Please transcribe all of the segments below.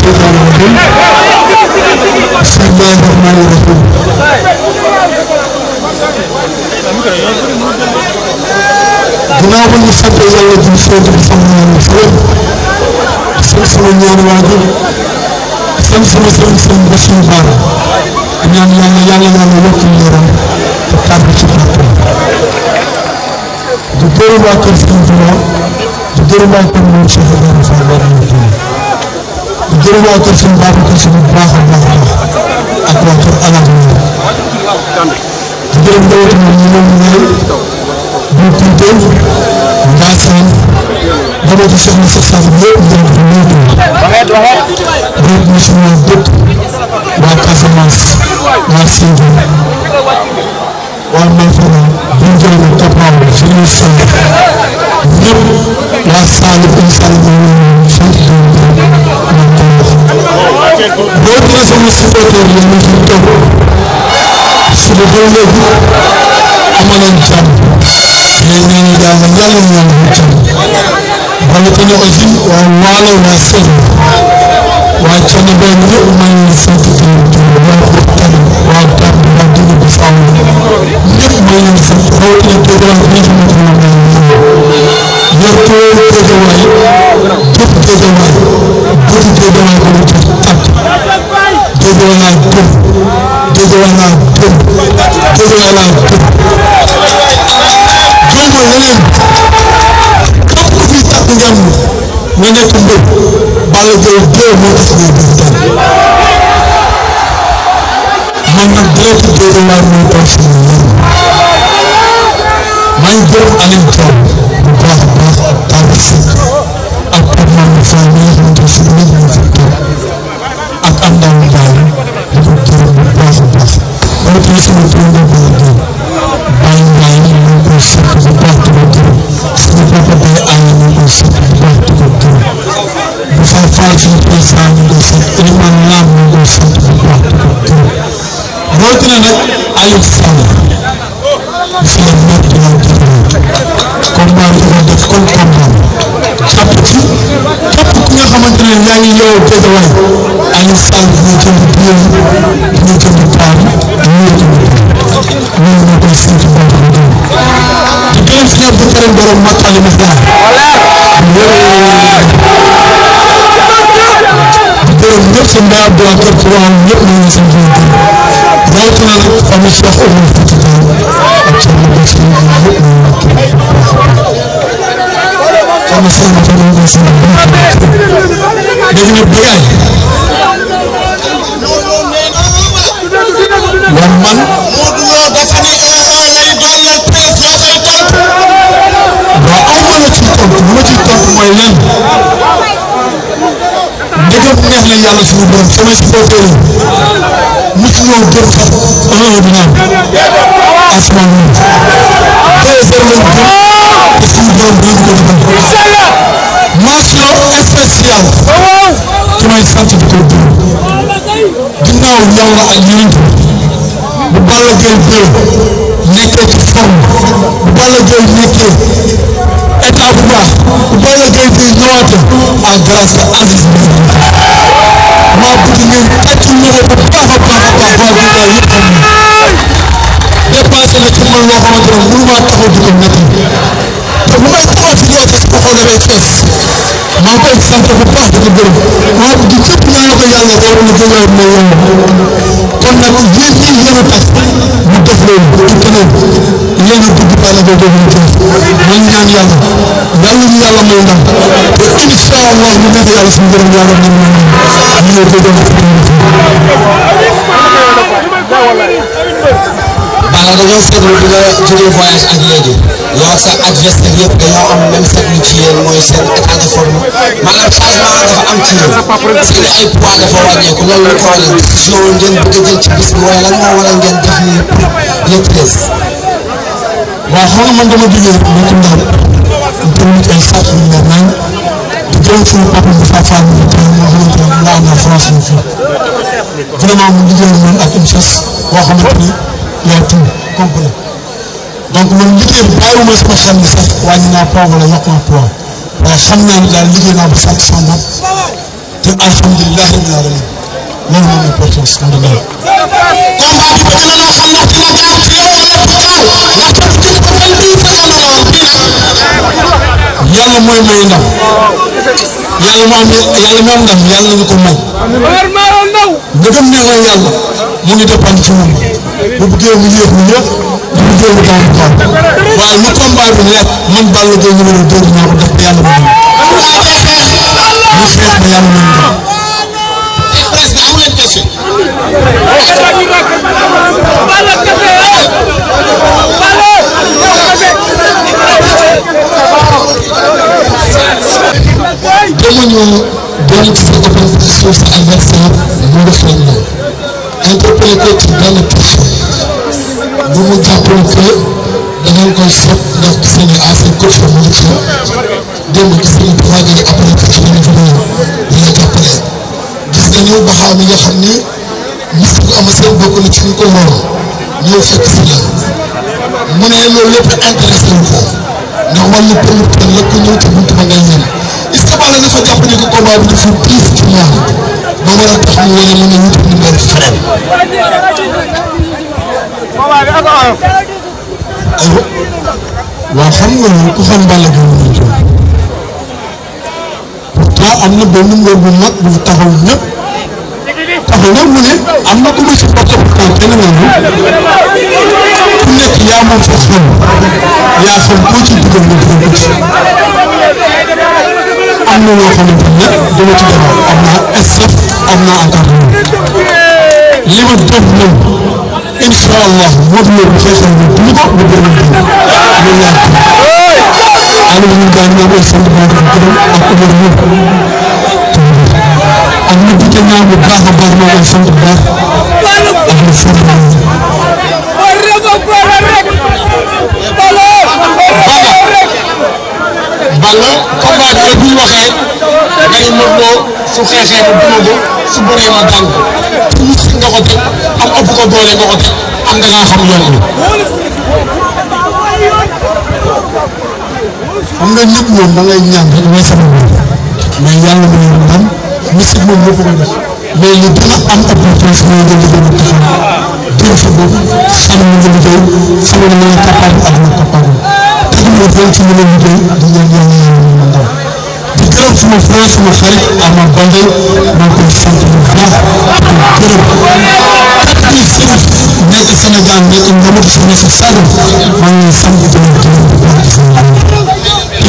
Bismillahirrahmanirrahim. Bismillahirrahmanirrahim. Cenab-ı Nisan Peygamber'in söylediği sanırım sanırım. Samsun'un yanı vardı. Samsun'un Samsun'un başını var. Yani yani yani yani yok diyorum. Tekrar bir şey yaptım. Gidiyorum arkadaşlarım. Gidiyorum nuyu waa kër sëñ Babacar Si bu baax a baax ak waa kër Alane di gërëm dawati ñu ñëw ñëw bu Kunte Njaasaan dawati soxna sax sax yëpp ñu ngi nuyu ko donc ñu suñu dëkk waa Casamance waa Sédhiou waa Mafana buñ jëlee Kopaw suñu sang ñëpp waa Saalum Saalum ñu sant boo dina sama supporter yi ñu fi toog suba ba léegi amaloon jàmm mais nee na yàlla yàlla ñoo ñu jàmm bala ko ñu aussi waa Waalo waa Sèye waa Thiénaba ñëpp maa ngi leen di sant xamal na leen képp ku fi tàkk ngeen nga nekk mbër Balla moo def dara man nag direct Géejawaay mooy tax sama ak Pape Seck ak Pape Mamadou Fall mi nga fi toog ak Amndaaw bu baax and it's like you can be pure, you can be proud, you can be proud. We are not going to see it about you. The game's not the current door of Matali Mizla. Diyorum hepsini daha bırakıp Kur'an yapmayı sen bildi. Zaten ama Şeyh Ömer Fethi'den akşamı başını yapmayı Ama sen de bunu da sana bırakın. Dedim hep bir ay. ma ci topp mooy lenn dëgg neex na yàlla suñu borom sama supporter yi mosu ñoo gëm sax un heure naan asmaa moom tey seen lañ gëm te suñu borom dinañ ko dugal. mention spéciale ki may sant di bu Balla Gaye nekkee ci forme bu Balla nekkee. état bu baax Balla Gaye di ñëwaat à grâce à Aziz bi maa bëgg ngeen tàcc loxo bu baax a baax a baax na di ko nekk te bu may taxaw fi ñëw sax xool damay koy sant bu baax di ko gërëm maa ngi képp ñaanal ko yàlla yow li gën a may yow kon nag yéen ñii yéen a tax mu def nañ ñaan yàlla yàlla ñu yàlla may ndam te incha allah ñu nekk yàlla suñu borom yàlla ñu ñu ko doon baax na dañoo seetlu bi nga jógee voyage ak léegi yow ak sa adversaire yëpp dañoo am même seetlu ci yéen mooy seen état de forme maanaam changement am ci yéen seen ay poids dafa wàññeeku loolu la ko waral décision ngeen bëgg a jël ci bis bi waaye lan moo waral ngeen def ni le treize waaw xam nga man dama jógee rek man itam daal tamit ay sac yu di gërëm suñu papa bi Fafa Fall ñu tey moo xamante ne laa amal France ñu fi vraiment mu liggéey man ak une chasse boo xamante ni yaay tout complet donc man liggéey bi bàyyiwuma sama xel ni sax wàññi naa xam naa ne daal liggéey naa ba sant sama te alhamdulilah rabbil alamin loolu moom importance alhamdulilah combat bi bëgg na yàlla mooy may yàlla mu am yàlla mu am ndam yàlla nañu ko may. ndegam neexoon yàlla mu ngi dépendre ci moom bu bëggee mu yéex mu yéex bu bëggee mu gaaw gaaw waaye mu combat bi nekk man Balla Gaye numéro 2 naa ko def ba yàlla may ndam mu xeex ba yàlla may ndam yow sa adversaire mu ngi xeeñ na interpellé ci benn question bu mu jàppale que da ngeen koy sot ndax gis nañu à seen coach mu ngi xeeñ démb gis nañu seen bokk na ci ñu ko waroon ñëw fekk si la mu ne loolu lépp intéressé ci buntu ko combat bi dafa diis ci ñaar ba war a tax ñu war a mën a wut ñu mel feneen. waaw xam nga ku xam Balla Gaye mën a jóg pourtant am na benn ngóor bu mag bu taxaw ñëpp taxaw ñëpp mu ne am na ku ma si porté pourtant kenn ku nekk yaa moom sa xel yaa xam koo ci dugal nga dugal ko am na loo xamante ne dama ci gannaaw am naa SF am naa encore li ma def moom incha allah Modou Lo bu fekkee ne du ko bu gën a loolu laa ko Aliou ñu daan ñoom ay sant baax ak Omar Lo ak ñu dikkee ñaar bu baax a baax ñoom ay sant baax su xeexee ma duma ko su bëree ma daan ko tuus nga ko am nga xam yoon xam nga nit moom da ngay ñaan rek mooy sama bopp yàlla mooy ndam musique moom moo ko koy def mais li gën a am opportunité mooy nga liggéey bu taxaw dégg sa bopp xam nga liggéey xam nga ne capable ak na capable te du ma vingt millions liggéey di ñaan yàlla gërëm suma frère suma xarit Ama Baldé maa koy sant bu baax di gërëm képp kuy sëriñ nekk Sénégal nekk Ndamut nekk Saloum maa ngi sant di gërëm di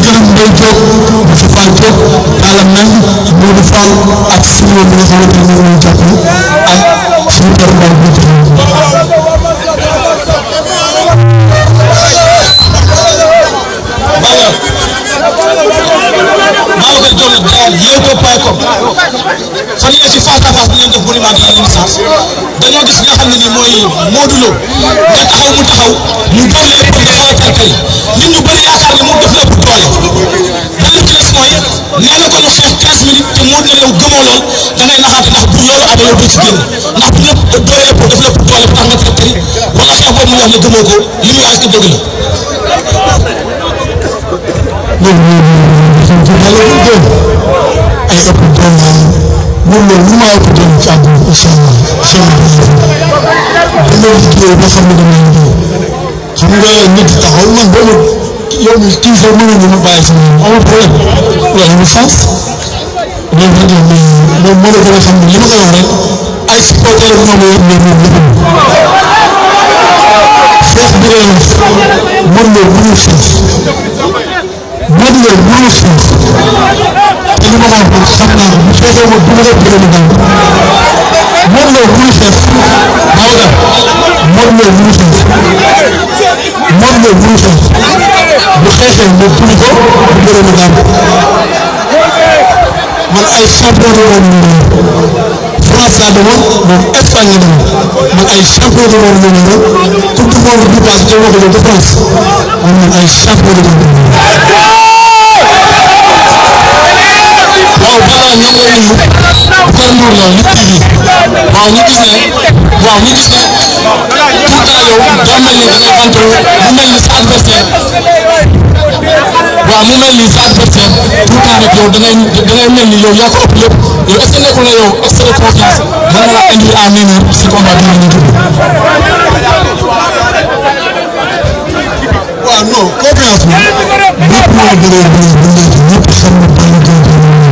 gërëm Mbaye Diop Moussa Fall Diop Talla Meng Modou Fall ak suñu bi nga xamante ne moom la ñu jàppale ak suñu père Mbaye bi doomu Dakar Leewtoo point com fan yii ci face à face bi ngeen def monument de la Renaissance dañoo gis nga xam ne nii mooy Modou Lo nga taxaw mu taxaw mu door la épaule nga xaw a calcul nit ñu bëri yaakaar ne mu def la bu doole benn clés mooy nee na ko ñu xeex 15 minutes te Modou Lo yow gëmoo lool da ngay naxaate ndax bu loolu amee yow doo ci génn ndax bu la doole épaule def la bu doole ba tax nga calcul wala xeex boobu mu wax ne gëmoo ko li muy wax dëgg la. opportunité yàlla dañ jëm ay opportunité moom la lu ma opportunité ci àdduna incha allah seen dañ leen liggéey ba xam ne dama liggéey xam nga nit taxaw man ba ma yow mi kii sax mën nañu ma bàyyi sama moom amul problème loolu amul sens loolu rek la mais moom moo la gën a xam ne li ma koy wax rek ay supporter la ñoo ma yor mais moom yëpp feex bi ngay wax mën na bu ñu feex boo duggee mënoo suuf te li ma la wax xam naa bu fekkee ma dugg rek dëgg la daal mënoo mënul fees Babacar mënoo mënul fees mënoo mënul fees bu xeexee ma dugg ko bu dëgg la daal man ay champion de monde France laa demoon moom Espagne la demoon man ay champion de monde la ñu ne coupe du monde bi paase jël ma ko de France man man ay champion de monde waaw balaa ñoom ñoo ñu gis ne waaw ñu gis ne tout waaw mu mel ni sa adversaire tout le temps rek si combat bi ñu tudd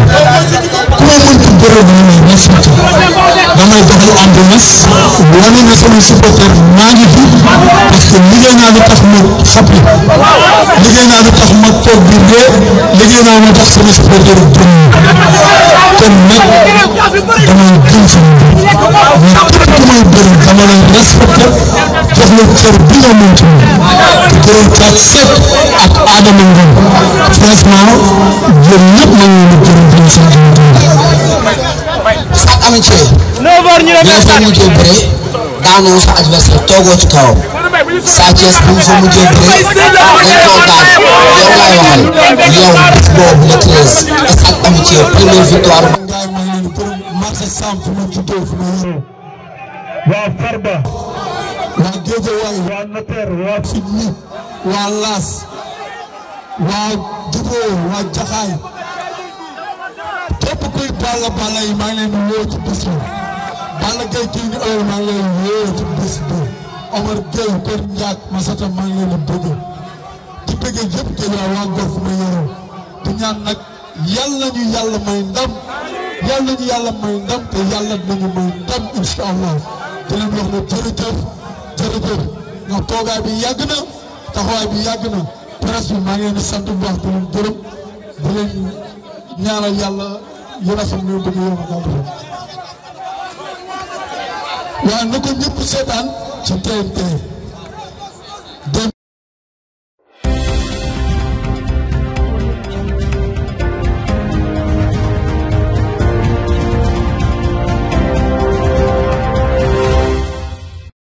ku ma mënti bërëb ñu ne damay dox lu ambulance wane sama supporter maa ngi fi liggéey naa lu tax ma xapli liggéey naa lu tax ma toog bi dee liggéey naa lu tax sama supporter gëm kon nag damay gëm sama mais képp ku may bëri dama lay respecté jox la cër bi ak aadama ngëm franchement yéen ñëpp mën nañu gërëm di leen sant sa amitié. ñoo fa mujjee bëre daanoo sa adversaire toogoo ci kawam. Sa Thiès bu mu fa mujjee bëre dañ koo daan yow laay waxal yow bis boobu le treize. sa amitié première victoire. waa Farba. waa Géejawaay. waa Notaire waa Fidni. waa Laas. waa Jubóo waa Jaxaay képp kuy Balla Balla yi maa ngi leen di woo ci bis bi Balla Gaye kii ñu ëllëg maa leen di ci bis bi Omar Gueye Kër Ndiak Masata maa ngi leen bëgg di bëgg yëpp jël waa Golf ma yoroo di ñaan nag yàlla ñu yàlla may ndam yàlla ñu yàlla may ndam te yàlla nañu may ndam incha allah di leen wax ne jërëjëf jërëjëf ndax toogaay bi yàgg na taxawaay bi yàgg na. presse maa ngi leen di sant bu baax di leen gërëm di leen ñaanal yàlla yéen a xam ne bëgg yéen a ko am. waaye seetaan ci TNT.